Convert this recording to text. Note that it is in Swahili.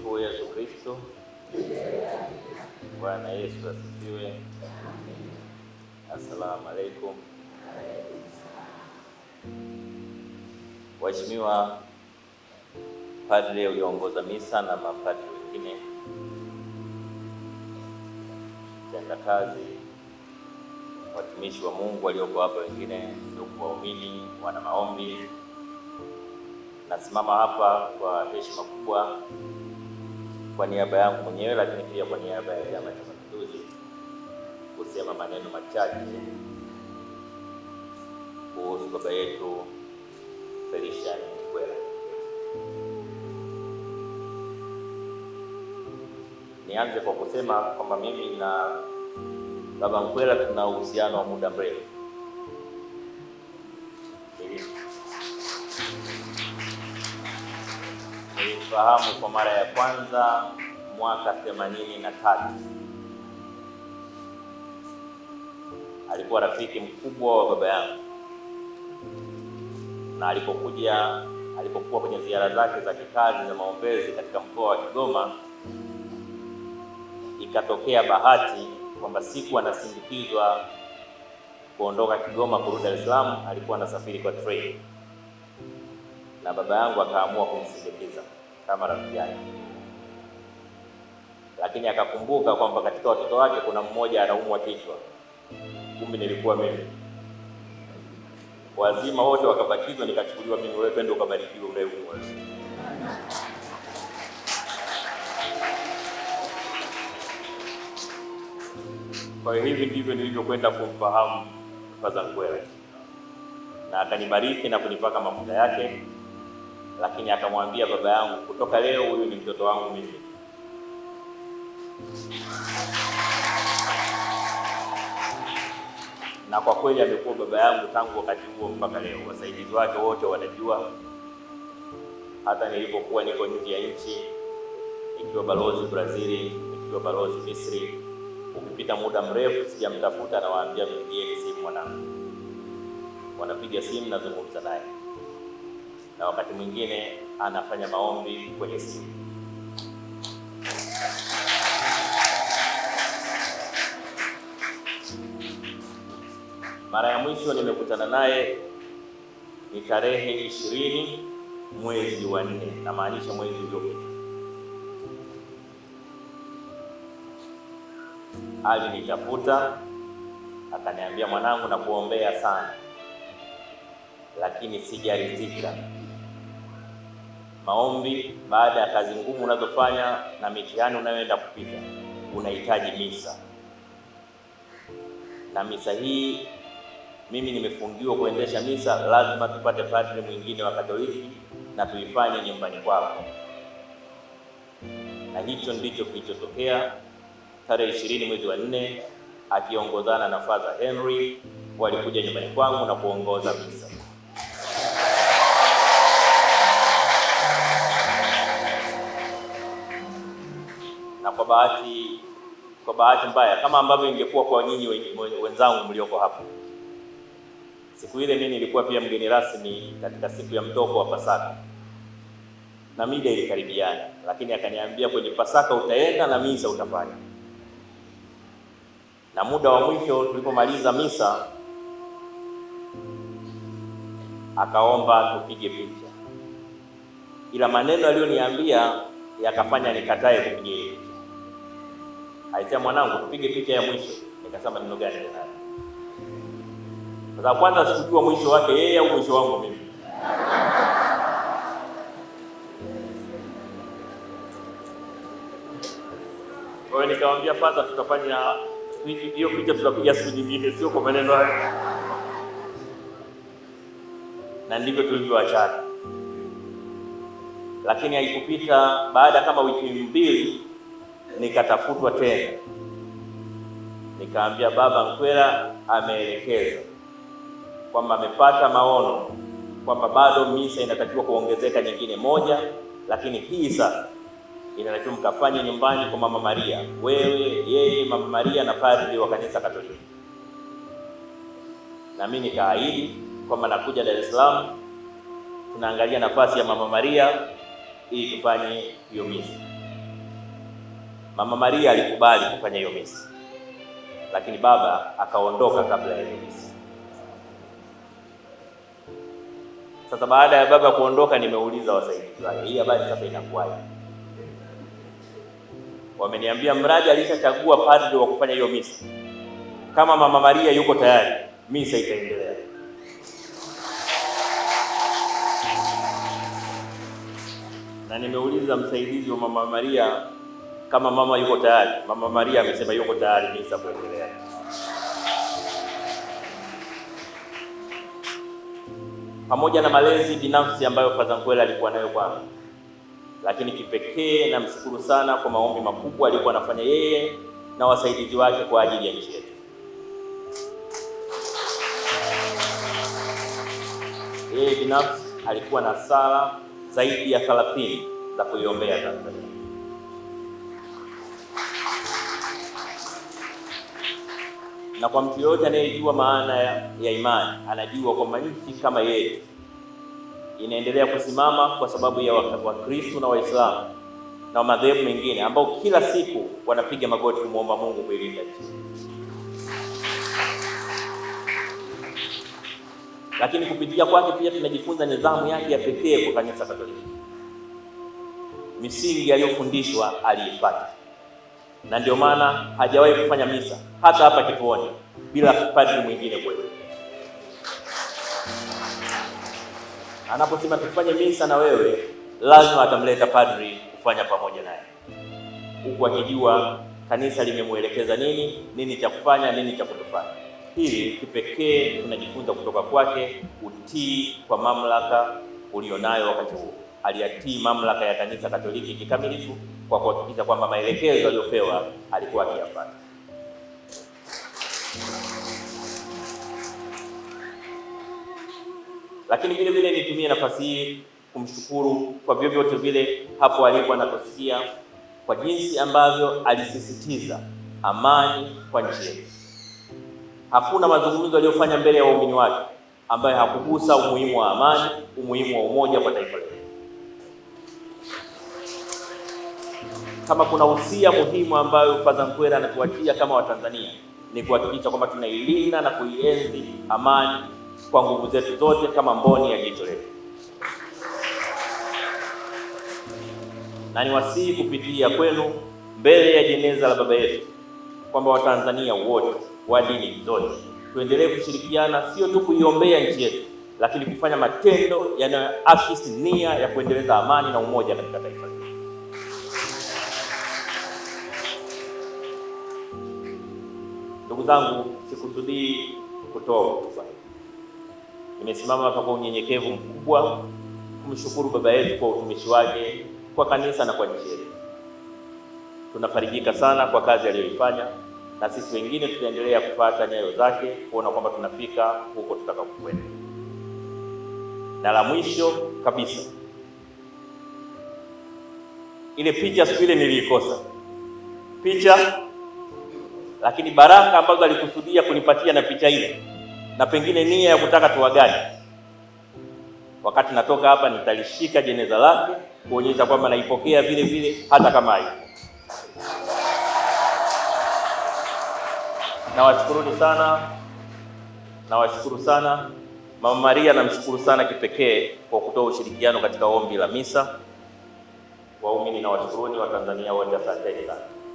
sifu Yesu Kristo. Bwana Yesu asifiwe. Assalamu alaikum. Waheshimiwa padre ulioongoza misa na mapadre wengine, tenda kazi, watumishi wa Mungu walioko hapa, wengine ndugu waumini, wana maombi, nasimama hapa kwa heshima kubwa kwa niaba yangu mwenyewe, lakini pia kwa niaba ya Chama cha Mapinduzi kusema maneno machache kuhusu baba yetu Felician Kikwera. Nianze kwa kusema kwamba mimi na baba Mkwera tuna uhusiano wa muda mrefu kufahamu kwa mara ya kwanza mwaka themanini na tatu. Alikuwa rafiki mkubwa wa baba yangu, na alipokuja alipokuwa kwenye ziara zake za kikazi za maombezi katika mkoa wa Kigoma, ikatokea bahati kwamba siku anasindikizwa kuondoka Kigoma kurudi Dar es Salaam, alikuwa anasafiri kwa treni na baba yangu akaamua kumsindikiza kama rafiki yake, lakini akakumbuka kwamba katika watoto wake kuna mmoja anaumwa kichwa, kumbe nilikuwa mimi. Wazima wote wakabatizwa, nikachukuliwa mimi. Wewe pendo, ukabarikiwe unayeumwa Kwa hiyo hivi ndivyo nilivyokwenda kumfahamu Padre Nkwere, na akanibariki na kunipaka mafuta yake lakini akamwambia baba yangu, kutoka leo huyu ni mtoto wangu mimi. Na kwa kweli amekuwa baba yangu tangu wakati huo mpaka leo. Wasaidizi wake wote wanajua, hata nilipokuwa niko nje ya nchi, nikiwa balozi Brazili, nikiwa balozi Misri, ukipita muda mrefu sijamtafuta, nawaambia mpigieni simu mwanangu, wanapiga simu, nazungumza naye na wakati mwingine anafanya maombi kwenye simu. Mara ya mwisho nimekutana naye ni tarehe ishirini mwezi wa nne, namaanisha mwezi uliopita. Alinitafuta akaniambia, mwanangu, nakuombea sana lakini sijaridhika maombi baada ya kazi ngumu unazofanya na mitihani unayoenda kupita, unahitaji misa. Na misa hii mimi nimefungiwa kuendesha misa, lazima tupate padri mwingine wa Katoliki na tuifanye nyumbani kwako. Na hicho ndicho kilichotokea tarehe ishirini mwezi wa nne, akiongozana na Father Henry walikuja nyumbani kwangu na kuongoza misa. kwa bahati kwa bahati mbaya kama ambavyo ingekuwa kwa nyinyi wenzangu mlioko hapa Siku ile mimi nilikuwa pia mgeni rasmi katika siku ya mtoko wa Pasaka na mida ilikaribiana, lakini akaniambia kwenye Pasaka utaenda na misa utafanya. Na muda wa mwisho tulipomaliza misa, akaomba tupige picha, ila maneno aliyoniambia yakafanya nikatae kupiga aitia mwanangu, tupige picha ya mwisho. Nikasema neno gani? Sasa kwanza sikujua mwisho wake yeye au mwisho wangu mimi. Kwa hiyo nikamwambia fadha, tutafanya hiyo picha tutapiga siku nyingine, sio kwa maneno hayo. Na ndivyo tulivyoachana, lakini haikupita baada kama wiki mbili nikatafutwa tena, nikaambia baba Nkwera ameelekeza kwamba amepata maono kwamba bado misa inatakiwa kuongezeka nyingine moja, lakini hii sasa inatakiwa mkafanye nyumbani kwa mama Maria, wewe, yeye, mama Maria na padri wa kanisa Katoliki. Na mimi nikaahidi kwamba nakuja Dar es Salaam, tunaangalia nafasi ya mama Maria ili tufanye hiyo misa. Mama Maria alikubali kufanya hiyo misi, lakini baba akaondoka kabla ya hiyo misi. Sasa baada ya baba kuondoka, nimeuliza wasaidizi wake, hii habari sasa inakuwaje? Wameniambia mradi alishachagua padri wa kufanya hiyo misa. Kama mama Maria yuko tayari, misa itaendelea. Na nimeuliza msaidizi wa mama Maria kama mama yuko tayari. Mama Maria amesema yuko tayari misa kuendelea. Pamoja na malezi binafsi ambayo Padre alikuwa nayo kwangu, lakini kipekee namshukuru sana kwa maombi makubwa alikuwa anafanya yeye na wasaidizi wake kwa ajili ya nchi yetu. Yeye binafsi alikuwa na sala zaidi ya 30 za kuiombea Tanzania. na kwa mtu yoyote anayejua maana ya, ya imani anajua kwamba nchi kama yeye inaendelea kusimama kwa sababu ya Wakristo na Waislamu na madhehebu mengine ambao kila siku wanapiga magoti kumwomba Mungu kuilinda nchi. Lakini kupitia kwake pia tunajifunza nidhamu yake ya pekee kwa kanisa Katoliki, misingi aliyofundishwa aliifuata na ndio maana hajawahi kufanya misa hata hapa kituoni bila padri mwingine kwetu. Anaposema tufanye misa na wewe, lazima atamleta padri kufanya pamoja naye, huku akijua kanisa limemwelekeza nini, nini cha kufanya, nini cha kutofanya. Hili kipekee tunajifunza kutoka kwake, utii kwa mamlaka ulionayo wakati huo. Aliatii mamlaka ya kanisa Katoliki kikamilifu kwa kuhakikisha kwamba maelekezo aliyopewa alikuwa akiyafuata. Lakini vile vile nitumie nafasi hii kumshukuru kwa vyovyote vile hapo alipo anatosikia kwa jinsi ambavyo alisisitiza amani kwa nchi yetu. Hakuna mazungumzo aliyofanya mbele ya waumini wake ambayo hakugusa umuhimu wa amani, umuhimu wa umoja kwa taifa letu. kama kuna usia muhimu ambayo Padre Nkwera anatuachia kama Watanzania ni kuhakikisha kwamba tunailinda na kuienzi amani kwa nguvu zetu zote kama mboni ya jicho letu, na niwasihi kupitia kwenu mbele ya jeneza la baba yetu kwamba Watanzania wote wa dini zote tuendelee kushirikiana, sio tu kuiombea nchi yetu, lakini kufanya matendo yanayoakisi nia ya kuendeleza amani na umoja katika taifa. zangu, sikusudii kutoa hotuba. Nimesimama hapa kwa unyenyekevu mkubwa kumshukuru baba yetu kwa utumishi wake kwa kanisa na kwa nchi yetu. Tunafarijika sana kwa kazi aliyoifanya, na sisi wengine tutaendelea kufuata nyayo zake kuona kwamba tunafika huko tutakapokwenda. Na la mwisho kabisa, ile picha siku ile niliikosa picha lakini baraka ambazo alikusudia kunipatia na picha ile, na pengine nia ya kutaka tuwagani Wakati natoka hapa, nitalishika jeneza lake kuonyesha kwamba naipokea vile vile, hata kama hayo. Nawashukuruni sana, nawashukuru sana. Mama Maria namshukuru sana kipekee kwa kutoa ushirikiano katika ombi la misa. Waumini na washukuruni, Watanzania wote, asanteni sana.